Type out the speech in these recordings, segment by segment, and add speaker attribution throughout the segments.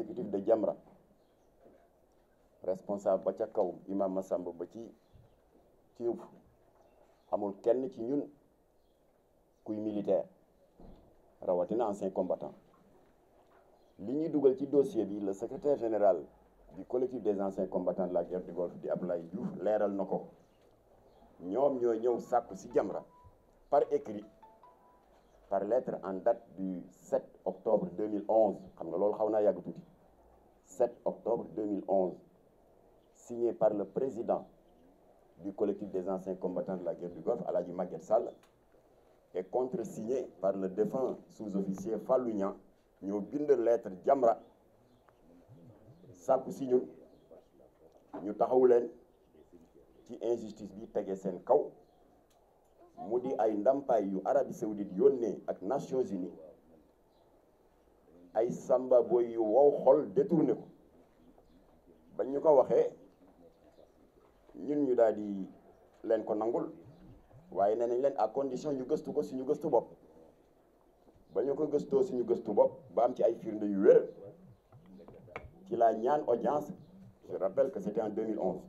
Speaker 1: exécutif de Jamra responsable ba ca kaw imam Massamba ba ci Thioub amul kenn ci ñun kuy militaire rawatina ancien combattant li ñuy dugal ci dossier bi le secretaire général di collectif des anciens combattants de la guerre du Golfe di Abdoulaye Diouf leeral na ko ñoom ñoo ñëw sàkku ci Jamra par écrit par lettre en date du 7 octobre 2011 xam na loolu xaw naa yàgg tuuti 7 octobre 2011 signé par le président du collectif des anciens combattants de la guerre du Golfe Alhaji Maguette Sall et contresigné par le défunt sous-officier Fallou Niang ñoo bind lettre Jamra sàkku si ñun ñu taxawu leen ci injustice bi tegee seen kaw mu di ay ndàmpaay yu Arabie Saoudite yónnee ak Nations Unies ay samba boy yu wow xol détourné ko bañ ñu ko waxee ñun ñu daal di leen ko nangul waaye nee nañ leen à condition ñu gëstu ko si ñu gëstu bopp ba ñu ko gëstoo suñu gëstu bopp ba am ci ay firnde yu wér ci la ñaan audience je rappelle que c'était en 2011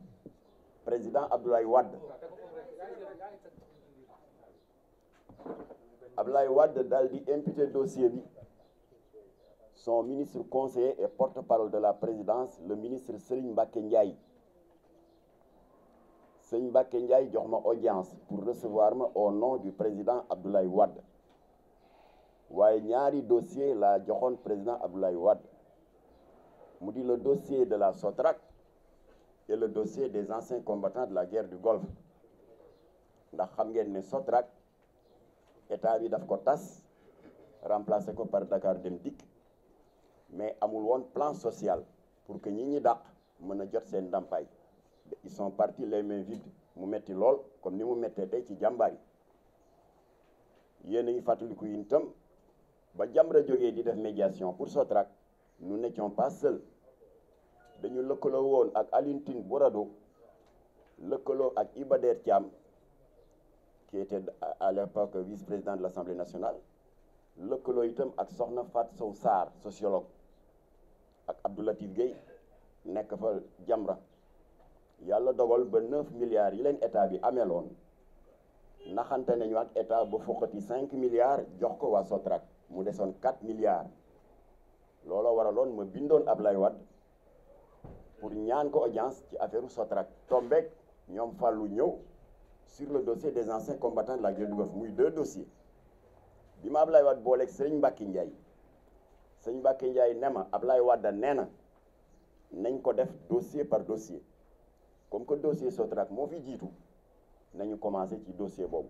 Speaker 1: président Abdoulaye Wade Abdoulaye Wade daal di imputé dossier bi son ministre conseiller et porte-parole de la présidence le ministre Serigne Mbacké Ndiaye Serigne Mbacké Ndiaye jox ma audience pour recevoir ma au nom du président Abdoulaye Wade waaye ñaari dossier la joxoon président Abdoulaye Wade mu di le dossier de la SOTRAC et le dossier des anciens combattants de la guerre du Golfe ndax xam ngeen ne SOTRAC état bi daf ko tas remplacé ko par Dakar Dem Dikk mais amul woon plan social pour que ñi ñi dàq mën a jot seen ndàmpaay ils sont partis les mains mu metti lool comme ni mu mettee tey ci jàmbaar yi yéen a fàttaliku yi itam ba Jamra jógee di def médiation pour Sotrac nous n'étions pas seuls dañu lëkkaloo woon ak Alioune bu Borado lëkkaloo ak Iba Der Thiam qui était à l'époque vice-président de l'Assemblée nationale lëkkaloo itam ak Soxna Fatou Sow Sarr sociologue ak Abdoulatif Gueye nekk fa Jamra yàlla dogal ba 9 milliards yi leen état bi ameloon naxante nañu ak état ba foqati 5 milliards jox ko waa Sotrac mu desoon 4 milliards looloo waraloon ma bindoon Ablaye Wade pour ñaan ko audience ci affaire Sotrac tombeek ñoom fallu ñëw sur le dossier des anciens combattants de la guerre du Golfe muy deux dossiers bi lay Ablaye Wade booleeg Serigne Mbacke Ndiaye sëñ Mbacke Ndiaye ne ma Ablaye Wade nee na nañ ko def dossier par dossier comme que dossier Sotrac moo fi jiitu nañu commencé ci dossier boobu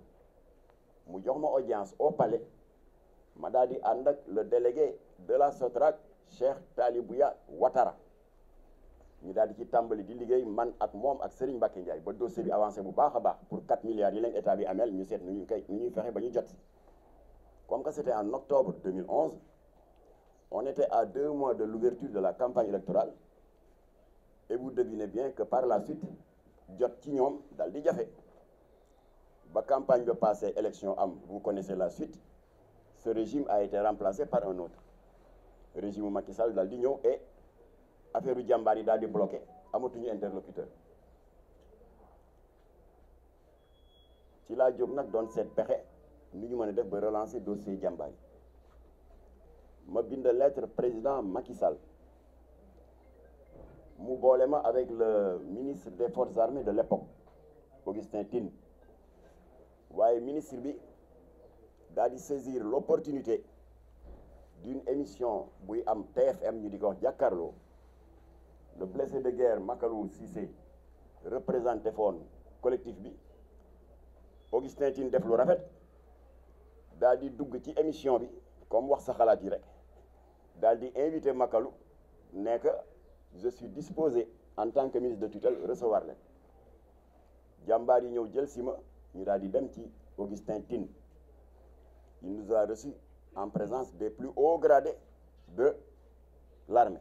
Speaker 1: mu jox ma audience au palais ma daal di ànd ak le délégué de la Sotrac Cheikh Talibouya Ouattara ñu daal di ci tàmbali di liggéey man ak moom ak Serigne Mbacke Ndiaye ba dossier bi avancé bu baax a baax pour 4 milliards yi lañ état bi ameel ñu seet nu ñu kay nu ñuy fexe ba ñu jot comme que c'était en octobre 2011. On était à deux mois de l'ouverture de la campagne électorale et vous devinez bien que par la suite jot ci ñoom dal di jafe ba campagne ba passé élection am vous connaissez la suite ce régime a été remplacé par un autre le régime Macky Sall dal di ñëw et affaire u jàmbaar yi daal di bloqué amatuñu interlocuteur ci laa jóg nag doon seet pexe nu ñu mën a def ba relancer dossier jàmbaar yi ma bind lettre président Macky Sall mu boole ma avec le ministre des forces armées de l'époque Augustin tin waaye ministre bi daal di saisir l'opportunité d'une émission buy am TFM ñu di ko wax jàkkaarloo le blessé de guerre Makalou Cissé représenté foon collectif bi Augustin Tine def lu rafet daal di dugg ci émission bi comme wax sa xalaat yi rek daal di invité Makalu nekk je suis disposé en tant que ministre de tutelle recevoir leen jàmbaar yi ñëw jël si ñu daal di dem ci Augustin Tine il nous a reçu en présence des plus hauts gradés de l'armée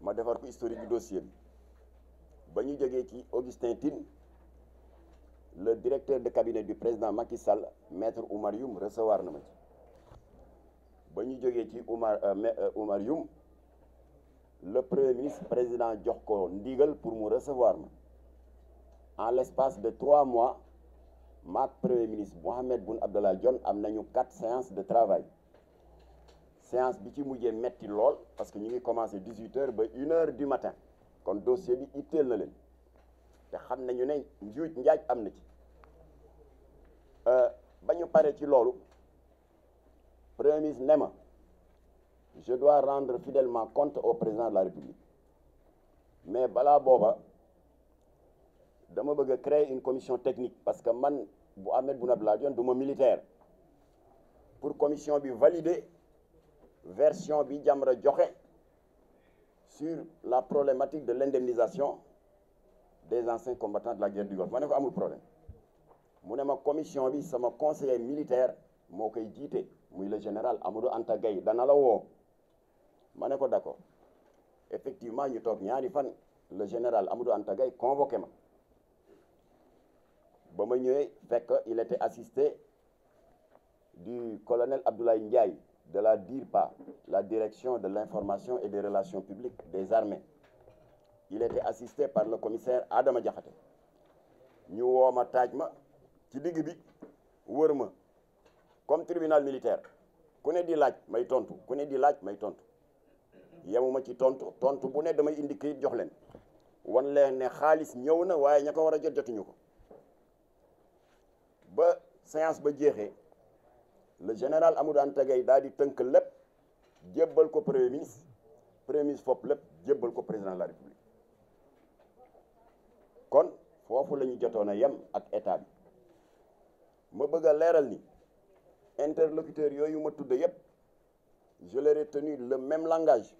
Speaker 1: ma defar ko historique du dossier bi ba ñu jógee ci Augustin tin le directeur de cabinet du président Macky Sall maître Oumar Youm recevoir na ma ci ba ñu jógee ci Umar euh, euh, Umar yum le premier ministre président jox ko ndigal pour mu recevoir ma en l'espace de trois mois maak premier ministre Mohamed Boun Abdallah Dionne am nañu quatre séances de travail séance bi ci mujjee metti lool parce que ñu ngi commencé dix huit heures ba une heure du matin kon dossier bi itteel na leen te xam nañu ne njuuj njaaj am na ci euh, ba ñu pare ci loolu premier ministre ne ma je dois rendre fidèlement compte au président de la république mais balaa booba dama bëgg a créer une commission technique parce que man bu Ahmed Boun Abdallah Dionne du ma militaire pour commission bi valider version bi Jamra joxe sur la problématique de l'indemnisation des anciens combattants de la guerre du Golfe ma ne amul problème mu ne ma commission bi sama conseiller militaire moo koy jiite muy le général Amadou Anta Gueye dana la woo ma ne ko d'accord effectivement ñu toog ñaari fan le général Amadou Anta Gueye convoqué ma ba ma ñëwee fekk il était assisté du colonel Abdoulaye Ndiaye de la DIRPA la direction de l'information et des relations publiques des armées il était assisté par le commissaire Adama Diakhaté ñu woo ma taaj ma ci digg bi wër ma comme tribunal militaire ku ne di laaj may tontu ku ne di laaj may tontu yemuma ci tontu tontu bu ne damay indi kayit jox leen wan leen ne xaalis ñëw na waaye ña ko war a jot jotuñu ko ba séance ba jeexee la général Amadou Anta Gueye daal di tënk lépp jébbal ko premier ministre premier ministre fopp lépp jébbal ko président de la république kon foofu la ñu jotoon a yem ak état bi ma bëgg a leeral ni interlocuteurs yooyu ma tudd yëpp je leur ai tenu le même langage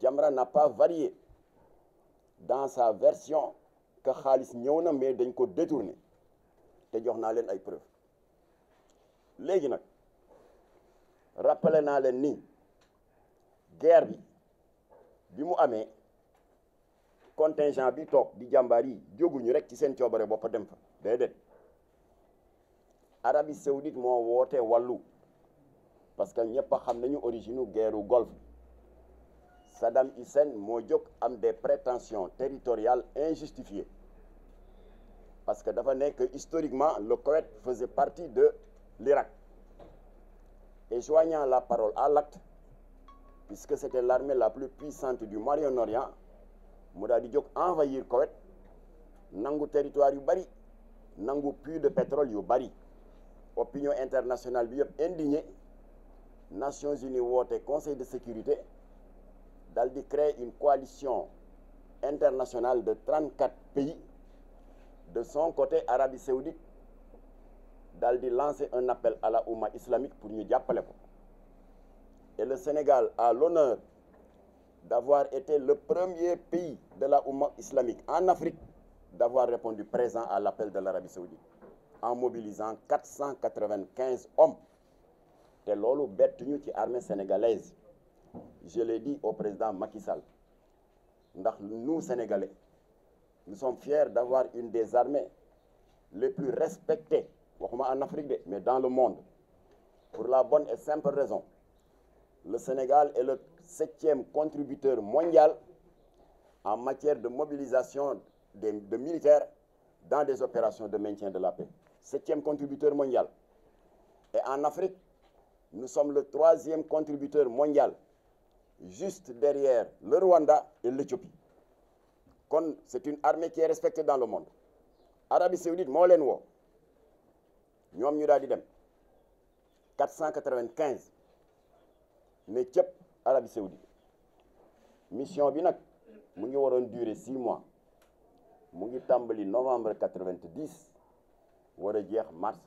Speaker 1: Jamra n'a pas varié dans sa version que xaalis ñëw na mais dañ ko détourné te jox naa leen ay preuves léegi nag rappelé naa leen ni guerre bi bi mu amee contingent bi toog di jàmbaar yi jóguñu rek ci seen coobare bopp dem fa déedéet Arabie Saoudite moo woote wàllu parce que ñëpp a xam nañu origine guerru Golfe Saddam Hussein moo jóg am des prétentions territoriales injustifiées parce que dafa nekk historiquement le Koweït faisait partie de l'Irak et joignant la parole à l'acte puisque c'était l'armée la plus puissante du Moyen-Orient mu daal di jóg envahir Koweït nangu territoire yu bari nangu puits de pétrole yu bari opinion internationale bi yëpp indigné Nations Unies woote conseil de sécurité dal di créer une coalition internationale de 34 pays de son côté Arabie Saoudite dal di lancer un appel à la oumma islamique pour ñu jàppale ko et le Sénégal a l'honneur d'avoir été le premier pays de la oumma islamique en Afrique d'avoir répondu présent à l'appel de l'Arabie Saoudite en mobilisant 495 hommes te loolu bettuñu ci armée sénégalaise je l'ai dit au président Macky Sall ndax nous sénégalais nous sommes fiers d'avoir une des armées les plus respectées waxuma en Afrique de mais dans le monde pour la bonne et simple raison le Sénégal est le septième contributeur mondial en matière de mobilisation de, de militaires dans des opérations de maintien de la paix septième contributeur mondial. Et en Afrique, nous sommes le troisième contributeur mondial, juste derrière le Rwanda et l'Éthiopie. C'est une armée qui est respectée dans le monde. Arabie Saoudite moo leen wo ñoom ñu daal di dem 495 mais cëpp Arabie Saoudite mission bi nag mu ngi waroon durer 6 mois mu ngi tàmbali novembre 90. war a jeex mars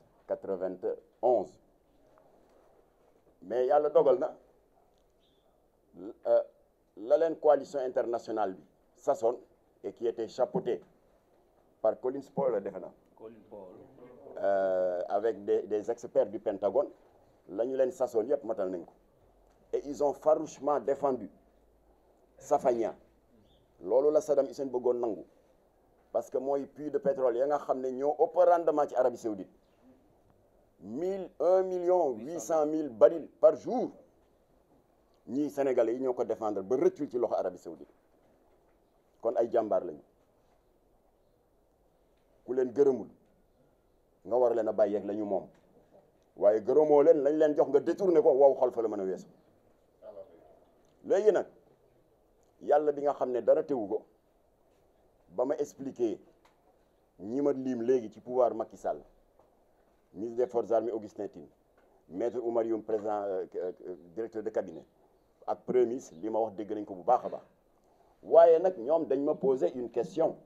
Speaker 1: vingt onze mais yàlla dogal na euh, la leen coalition internationale bi sason et qui était chapeauté par Collins Paul la defe na euh, avec des des experts du Pentagone la ñu leen sason yëpp matal nañ ko et ils ont farouchement défendu Safania loolu la Saddam seen bëggoon nangu parce que mooy puits de pétrole ya nga xam ne ñoo ëpp rendement ci Arabie Saoudite mille un million huit cent mille barils par jour ñii sénégal yi ñoo ko défendre ba rëccul ci loxo Arabie Saoudite kon ay jàmbaar lañu ku leen gërëmul nga war leen a bàyyeeg la ñu moom waaye gërëmoo leen lañ leen jox nga détourné ko wow xol fa la mën a weesu léegi nag yàlla bi nga xam ne dara tewu ko ba ma expliquer ñi ma liim léegi ci pouvoir Macky Sall ministre des forces armées Augustin Tine maître Oumar Youm président euh, euh, euh, directeur de cabinet ak premier ministre li ma wax dégg nañ ko bu baax a baax waaye nag ñoom dañ ma poser une question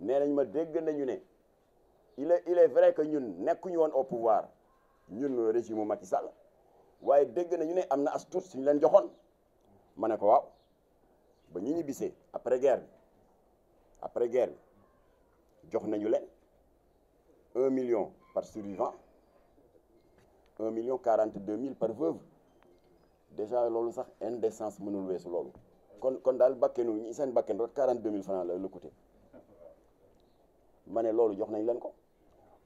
Speaker 1: nee nañ ma dégg nañu ne il est il est vrai que ñun nekkuñu woon au pouvoir ñun régime Macky Sall waaye dégg nañu ne am na as tuut suñu leen joxoon ma ne ko waaw ba ñu ñibbisee après guerre bi après guerre bi jox nañu leen un million par survivant un million quarante deux mille par veuve déjà loolu sax indécence mënul weesu loolu kon kon daal bakkenu ñi seen bakken rek quarante deux mille francs la la coûté ma ne loolu jox nañ leen ko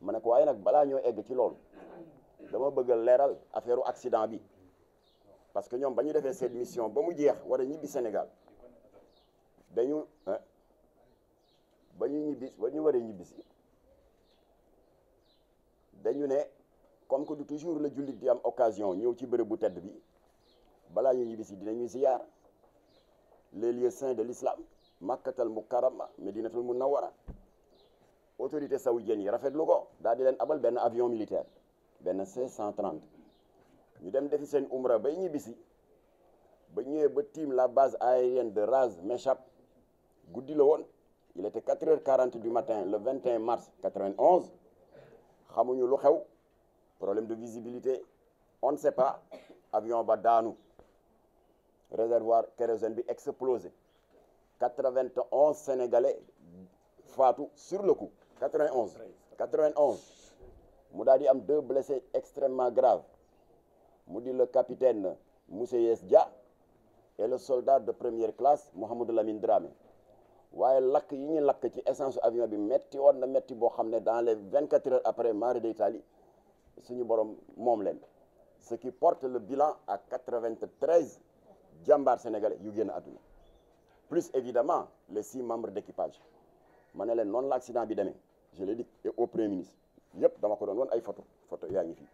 Speaker 1: ma ne ko waaye nag balaa ñoo egg ci loolu dama bëgg leeral affaire accident bi parce que ñoom ba ñu defee cette mission ba mu jeex war a ñibbi Sénégal dañu ba ñu ñibbis ba ñu waree ñibbisi dañu ne comme que du toujours la jullit di am occasion ñëw ci bërëb bu tedd bi balaa ñu ñibbisi dinañuy siyaar les lieux saints de l'islam makkatal mukarrama medinatul munawwara autorité saoudienne yi rafetlu ko daal di leen abal benn avion militaire benn 530 ñu dem defi seen umra bay ñibbisi ba ñëwee ba tiim la base aérienne de Ras Mechab guddi la woon il était 4h40 du matin le 21 mars 91 xamuñu lu xew problème de visibilité on ne pas avion ba daanu réservoir kérosène bi explosé 91 sénégalais faatu sur le coup 91 91 mu daal di am deux blessés extrêmement graves mu di le capitaine Mousseyès Dia et le soldat de première classe Mouhamadou Lamine Dramé waaye lakk yi ñu lakk ci essence avion bi metti woon na metti boo xam ne dans les vingt quatre heures après marée d'Italie suñu borom moom leen ce qui porte le bilan a quatre vingt treize jàmbaar sénégalais yu génn àdduna plus évidemment les six membres d'équipage ma ne leen noonu la accident bi demee je l'ai dit au premier ministre yëpp dama ko doon woon ay photo photo yaa ngi fii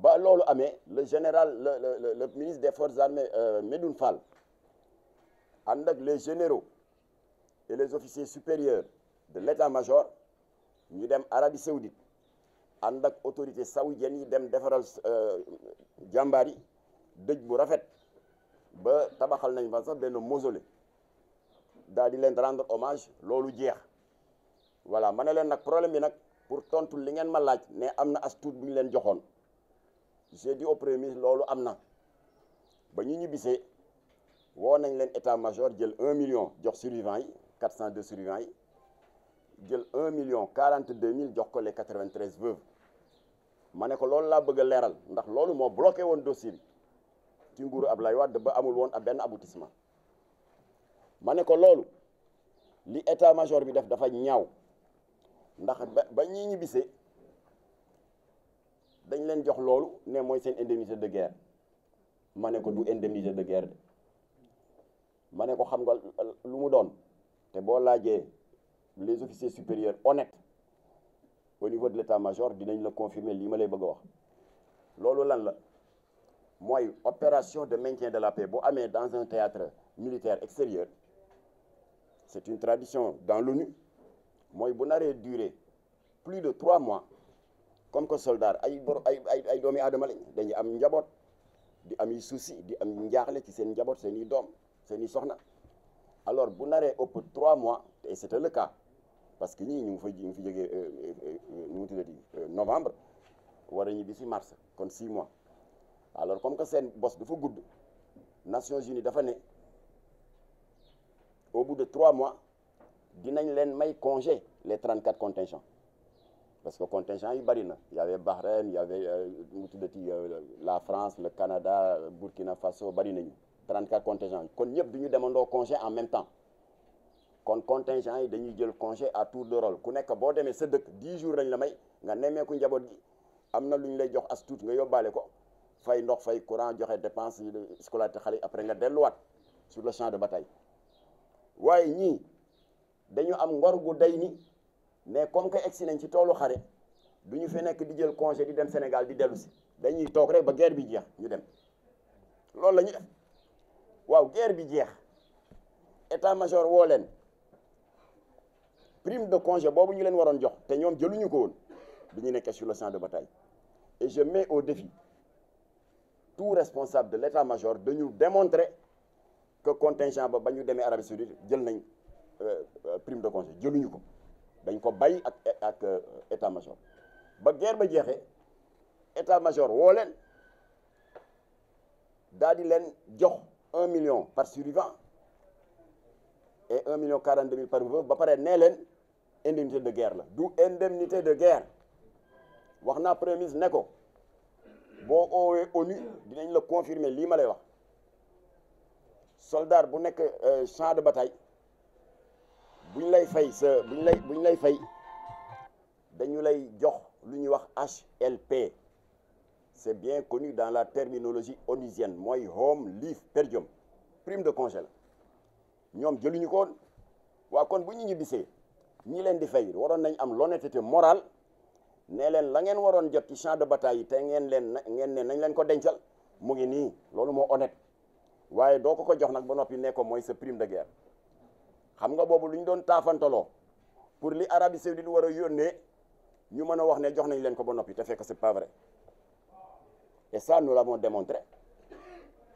Speaker 1: ba loolu amee le général le le le ministre des forces armées euh, Medoune Fall ànd ak les généraux et les officiers supérieurs de l'état-major ñu dem Arabie Saoudite ànd ak autorité saoudienne yi dem defaral euh, jàmbaar yi dëj bu rafet ba tabaxal nañ fa sax benn mausolée daal di leen rendre hommage loolu jeex voilà ma ne leen nag problème bi nag pour tontu li ngeen ma laaj ne am na as tuut leen joxoon j'ai dit au premier loolu am na ba ñu ñibbisee woo nañ leen état major jël un million jox survivants yi quatre cent deux survivants yi jël un million quarante deux mille jox ko les quatre ma ne ko loolu laa bëgg a leeral ndax loolu moo bloqué woon dossier bi ab nguuru Abdoulaye Wade ba amul woon a benn aboutissement ma ne ko loolu li état major bi def dafa ñaaw ndax ba ba ñii dañ leen jox loolu ne mooy seen indemnité de guerre ma ne du indemiser de guerre ma ne ko xam nga lu mu doon te boo laajee les officiers supérieurs honnêtes au niveau de l'état-major dinañ la confirmer lii ma lay bëgg a wax loolu lan la mooy opération de maintien de la paix boo amee dans un théâtre militaire extérieur c'est une tradition dans l'ONU mooy bu naree durer plus de trois mois comme que soldat ay ay ay ay doomi aadama lañ dañuy am njaboot di am yi souci di am njaaxle ci seen njaboot seen i doom seeni soxna alors bu naree ëpp trois mois et te le cas parce que ñii ñu ngi fa ñu ngi fi jógee euh, euh, euh, nu mu tuddati novembre war a ñibbi si mars kon six mois alors comme que seen bos dafa gudd Nations Unies dafa ne au bout de trois mois dinañ leen may congé les 34 contingents parce que contingent yi bëri na y avait Bahreïn y avait mu tuddati la France le Canada Burkina Faso bëri nañu 34 contingents yi kon ñëpp du ñu demandoo congé en même temps kon contingent yi dañuy jël congé à tour de role ku nekk boo demee sa dëkk di jours lañ la may nga nemmeeku njaboot gi am na lu ñu lay jox as tuut nga yóbbaale ko fay ndox fay courant joxe dépense yi scolarité xale après nga delluwaat sur le champ de bataille waaye ñii dañu am ngor gu day ni mais comme que egsi nañ ci toolu xare du ñu fi nekk di jël congé di dem Sénégal di dellu si dañuy toog rek ba guerre bi jeex ñu dem loolu waaw guerre bi jeex état major woo leen prime de congé boobu ñu leen waroon jox te ñoom jëluñu ko woon bi ñu nekkee sur le champ de bataille et je mets au défi tout responsable de l'état major de ñu démontrer que contingent ba ba ñu demee Arabie Saoudite jël nañ euh, euh, prime de congé jëluñu ko dañ ko bay ak ak euh, état major ba guerre ba jeexee état major woo leen daal di leen jox. un million par survivant et un million quarante-deux mille par veuve ba pare nee leen indemnité de guerre la du indemnité de guerre wax naa premise ministre ne ko boo oowee ONU dinañ la confirmer lii ma lay wax soldat bu nekk euh, champ de bataille buñ lay fay sa buñ lay lay fay dañu lay jox lu ñuy wax HLP c'est bien connu dans la terminologie onusienne mooy home leave per diem prime de congé ñoom jëluñu ko woon waa kon bu ñu ñibbisee ñi leen di fay waroon nañ am l'honnêteté morale nee leen la ngeen waroon jot ci champ de bataille yi te ngeen leen ngeen nañ leen ko dencal mu ngi nii loolu moo honnête waaye doo ko ko jox nag ba noppi ne ko mooy sa prime de guerre xam nga boobu lu ñu doon taafantaloo pour li Arabie saoudite war a yónnee ñu mën a wax ne jox nañ leen ko ba noppi te fekk c'est pas Et ça, nous l'avons démontré.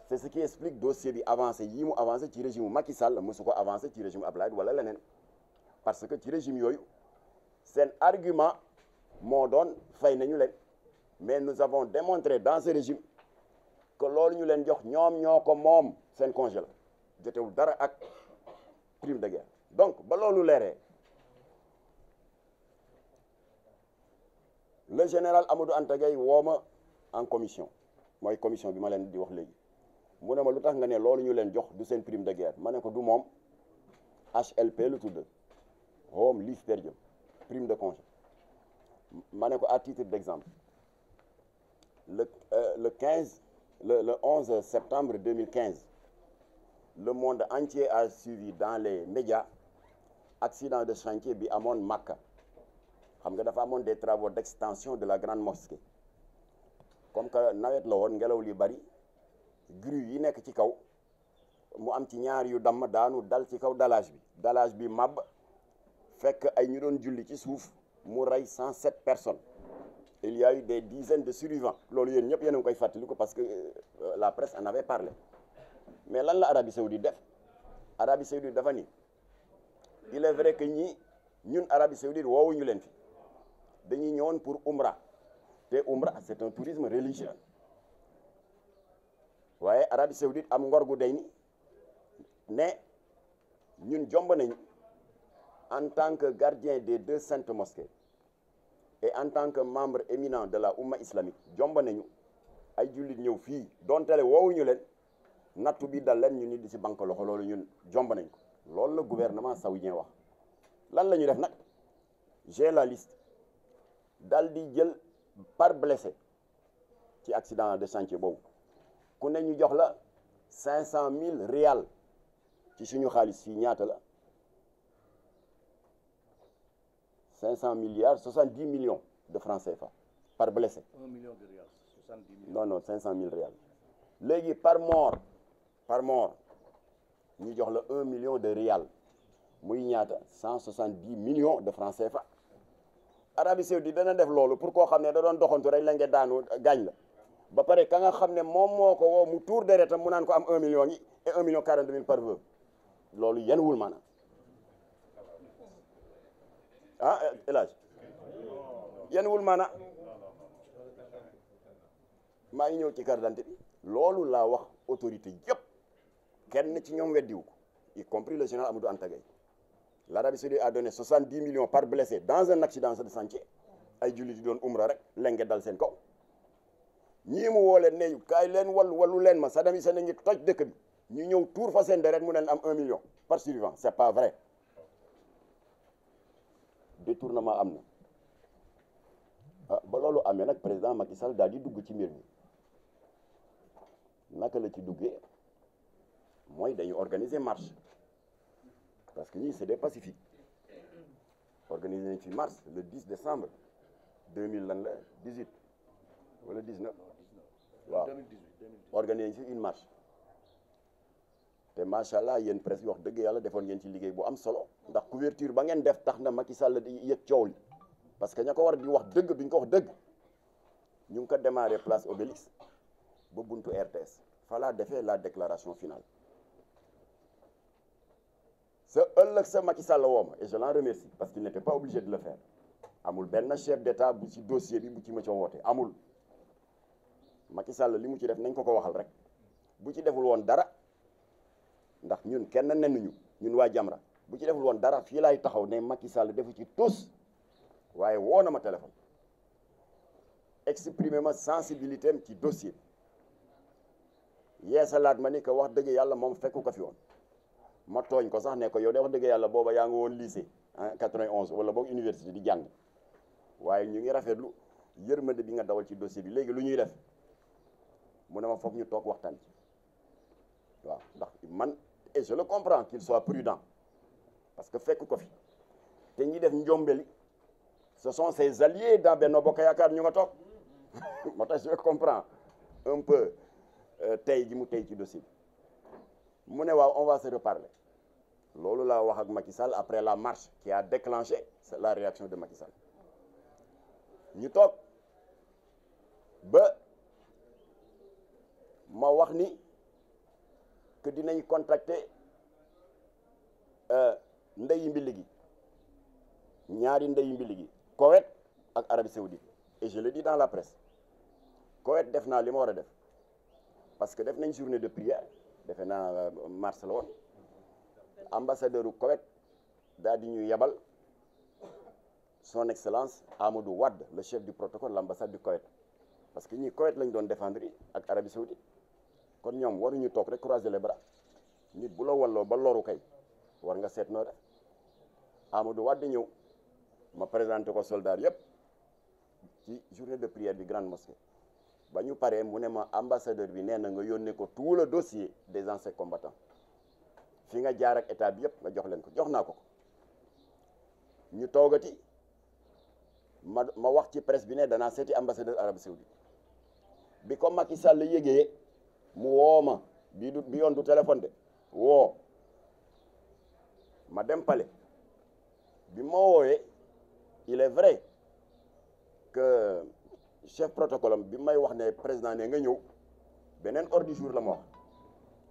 Speaker 1: C'est ce qui explique dossier bi avancé yi mu avancé ci régime Macky Sall mosu ko avancé ci régime Abdoulaye wala leneen parce que ci régime yooyu seen argument moo doon fay nañu leen mais nu avons démontré dans ce régime que loolu ñu leen jox ñoom ñoo ko moom seen congé la dara ak crime de guerre donc ba loolu leere le général Amadou Anta Gueye wooma en commission mooy commission bi ma leen di wax léegi mu ne ma lu tax nga ne loolu ñu leen jox du seen prime de guerre ma ne ko du moom HLP lu tudd home leave per diem prime de congé ma ne ko à titre d'exemple le euh, le 15 le le 11 septembre 2015 le monde entier a suivi dans les médias accident de chantier bi amoon Makka xam nga dafa amoon des travaux d'extension de la grande mosquée comme que nawet la woon ngelaw li bari grue yi nekk ci kaw mu am ci ñaar yu damm daanu dal ci kaw dallage bi dallage bi màbb fekk ay ñu doon julli ci suuf mu rey cent sept personnes il y a eu des dizaines de survivants loolu yéen ñëpp yéen a ngi koy fàttaliku parce que euh, la presse en avait parlé mais lan la Arabie Saoudite def Arabie Saoudite dafa ni il est vrai que ñi ñun Arabie Saoudite woowuñu leen fi dañuy ñëwoon pour umra te umra c'est un tourisme religieux waaye Arabie Saoudite am ngor gu day ni ne ñun jomb nañ en tant que gardien des deux saintes mosquées et en tant que membre éminent de la umma islamique jomb nañu ay jullit ñëw fii dontale wowuñu leen nattu bi dal leen ñu ni di si banque loxo loolu ñun jomb nañ ko loolu la gouvernement saoudien wax lan la ñu def nag j'ai la dal di jël par blessé ci accident de chantier boobu ku ne ñu jox la cinq cent mille rial ci suñu xaalis fii ñaata la cinq cent milliards soixante dix millions de francs fa par blessé. un million de rial soixante dix millions. non non léegi par mort par mort ñu jox la un million de rial muy ñaata cent soixante dix millions de francs fa Arabie Saoudite dana def loolu pour koo xam ne da doon doxantu rek la ngeen daanu gaañ la ba pare ka nga xam ne moom moo ko woo mu tuur deretam mu naan ko am un million yi et un million quarante mille loolu yenn wul maanaam ah El Hadj yenn wul maanaam maa ngi ñëw ci carte d'identité loolu laa wax autorité yëpp kenn ci ñoom weddiwu ko y compris le général Amadou Anta Gueye l'Arabie Saoudite a donné 70 millions par blessé dans un accident de chantier ay jullit di doon umra rek lenge dal seen kaw ñii mu woo leen ne kaay leen wallu wallu leen ma Saddam Hussein a ngi toj dëkk bi ñu ñëw tuur fa seen deret mu leen am un million par survivant c'est pas vrai détournement am na ah ba loolu amee nag président Macky Sall daal di dugg ci mbir mi naka la ci duggee mooy dañu organiser marche parce que ñu ñii c'est des pacifique organisé nañ ci mars le 10 décembre 2000 lan la 18 wala 19 waaw organisé nañ ci une marche te macha allah yéen presse wax dëgg yàlla defoon ngeen ci liggéey boo am solo ndax couverture ba ngeen def tax na Macky Sall di yëg coow li parce que ña ko war di wax dëgg duñ ko wax dëgg ñu ngi ko démarré place Obélix ba buntu RTS fa laa defee la déclaration finale sa ëllëg sa Macky Sall woo ma et je l'en remercie parce que n'était pas obligé de le faire amul benn chef d'état bu ci dossier bi bu ci ma ca woote amul Macky Sall li mu ci def nañ ko ko waxal rek bu ci deful woon dara ndax ñun kenn nenuñu ñun waa Jamra bu ci deful woon dara fii lay taxaw ne Macky Sall defu ci tous waaye woo na ma téléphone exprimer ma sensibilité am ci dossier yeesalaat ma ni que wax dëgg yàlla moom fekku ko fi woon ma tooñ ko sax ne ko yow de wax dëgg yàlla booba yaa ngi woon lycée ah 91 wala boog université di jàng waaye ñu ngi rafetlu yërmande bi nga dawal ci dossier bi léegi lu ñuy def mu ne ma foog ñu toog waxtaan ci waaw ndax man et je le comprends qu'il soit prudent parce que fekk ko fi te ñu def njombeli ce sont ses alliés dans Benno Bokk Yaakaar ñu nga toog moo tax je comprends un peu euh, tey ji mu tey ci dossier bi mu ne waaw on va se reparler loolu laa wax ak Macky Sall après la marche qui a déclenché la réaction de Macky Sall ñu toog ba ma wax ni que dinañ contacter euh, ndeyi mbili liggi ñaari ndeyi mbili gi kowet ak Arabie Saoudite et je le dis dans la presse kowet def naa li ma war a def parce que def nañ journée de prière defe naa euh, mars la woon ambassadeur u Koweït daal di ñuy yebal son excellence Amadou Wade la chef du protocole l' ambassade du Koweït parce que ñii Koweït lañ doon défendre ak Arabie Saoudite kon ñoom ñu toog rek croiser les bras nit bu la walloo ba loru kay war nga seet noo def Amadou Wade ñëw ma présenté ko soldat yëpp ci journée de prière bi grande mosquée ba ñu paree mu ne ma ambassadeur bi nee na nga yónnee ko tout le dossier des anciens combattants fi nga jaar ak état bi yëpp nga jox leen ko jox naa ko ko ñu toogati ma ma wax ci presse bi ne danaa seeti ambassadeur Arabie Saoudite bi ko Macky Sall yëgee mu woo ma bii du bi yoon du téléphone de woo ma dem pale bi ma woowee il est vrai chef protocole am bi may wax ne président ne nga ñëw beneen ordre du jour la ma wax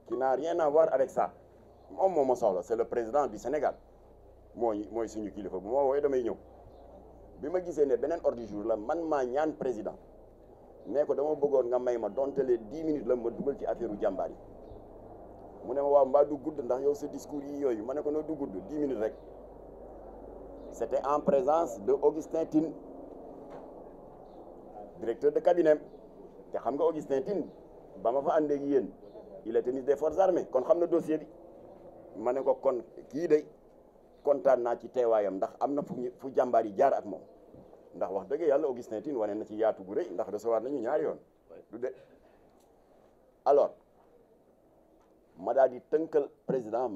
Speaker 1: qui n'a rien à voir avec ça moom ma soxla c'est le président du Sénégal mooy mooy suñu kilifa bu ma woowee damay ñëw bi ma gisee ne beneen ordre du jour la man maa ñaan président nee ko dama bëggoon nga may ma donte les dix minutes la ma dugal ci affaire u jàmbaar yi mu ne ma waaw mbaa du gudd ndax yow sa discours yi yooyu ma ne ko noo du gudd dix minutes rek c'était en directeur de cabinet te xam nga Augustin Tine ba ma fa àndee ak yéen il était de des forces armées kon xam na dossier bi ma ne ko kon kii de kontaan naa ci teewaayam ndax am na fu fu jàmbaar yi jaar ak moom ndax wax dëgg yàlla Augustin Tine wane na ci yaatu gu rëy ndax recevoir nañu ñaari yoon du de alors ma daal di tënkal président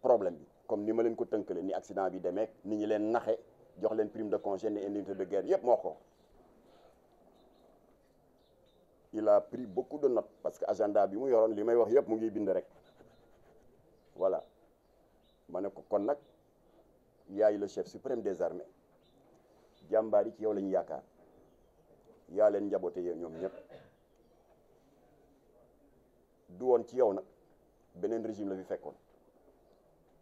Speaker 1: problème bi comme ni ma leen ko tënkale ni accident bi demee ni ñu leen naxe jox leen prime de congé ne indemnité de yëpp moo ko il a pris beaucoup de notes parce que agenda bi mu yoroon li wax yëpp mu ngi bind rek voilà ma ne ko kon nag yaay le chef suprême des armées jàmbaar yi ci yow lañu yaakaar yaa leen njaboote yee ñoom ñëpp du woon ci yow nag beneen régime la fi fekkoon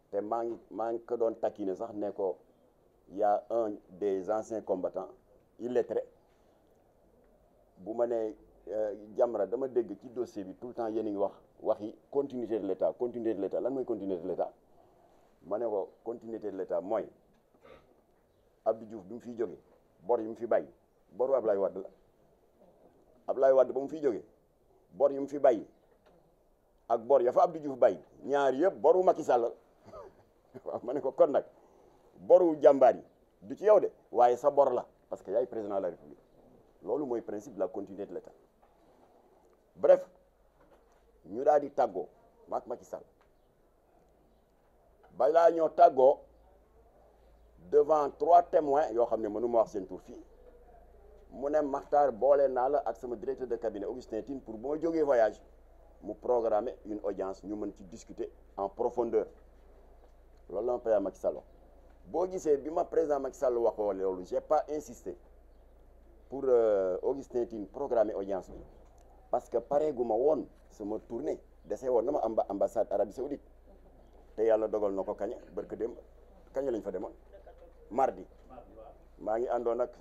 Speaker 1: te maa ngi maa ngi ko doon takkine sax ne ko yaa un des anciens combattants illettré bu ma nee Euh, Jamra dama dégg ci dossier bi tout le temps yéen a ngi wax waxi continuité de l'État continuité de l'État lan mooy continuité de l'État ma ne ko continuité de l'État mooy Abdou Diouf bi mu fiy jógee bor yi mu fi bàyyi boru Ablaye Wade la Ablaye Wade ba mu fiy jógee bor yu mu fi bàyyi ak bor yafa fa Abdou Diouf bàyyi ñaar yëpp bor wu Sall la waaw ma ne ko kon nag boru jàmbaar yi du ci yow de waaye sa bor la parce que yaay président de la République loolu mooy principe de la continuité de l'État bref ñu daal di tàggoo ma Macky Sall balaa ñoo tàggoo devant trois témoins yoo xam ne mënuma wax seen tur fii mu ne Makhtar boole naa la ak sama directeur de cabinet Augustin Tine pour bu ma jógee voyage mu programme une audience ñu mën ci discuter en profondeur loolu la ma président Macky Sall boo gisee bi ma président Macky Sall waxoo loolu j'ai pas insisté pour euh, Augustin Tine programmer audience bi parce que pareegu ma woon sama tournée dese woon na ma amba ambassade Arabie Saoudite te yàlla dogal na ko kañ barka démb kañ lañ fa demoon mardi maa ngi àndoon ak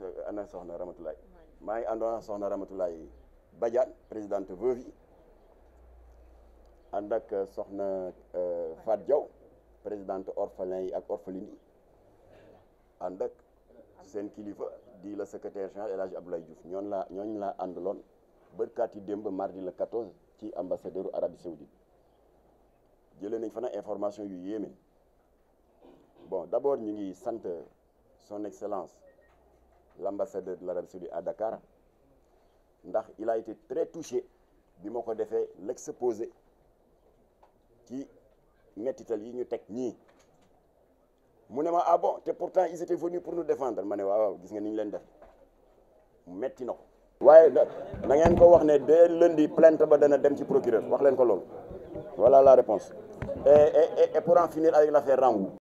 Speaker 1: soxna Ramatoulaye maa ngi àndoon ak soxna Ramatoulaye Badiane présidente veuve ànd ak euh, soxna euh, Fat jaw présidente orphelin yi ak orpheline yi ànd ak seen kilifa di la secrétaire général El Hadj Abdoulaye Diouf ñoon laa ñooñ laa àndaloon bërkaati démb mardi le 14 ci ambassadeur Arabie Saoudite jële nañ fana information yu yéeme bon d' abord ñu ngi sant son excellence l' ambassadeur de l' Arabie à Dakar ndax il a été très touché bi ma ko defee l'exposé ci mettital yi ñu teg ñii mu ne ma ah bon te pourtant ils étaient venus pour nous défendre ma ne waaw waaw gis nga ni leen def metti na ko waaye na ngeen ko wax ne dès lundi plante ba dana dem ci procureur wax leen ko lool voilà la réponse et et et pour en finir avec l'affaire Rangou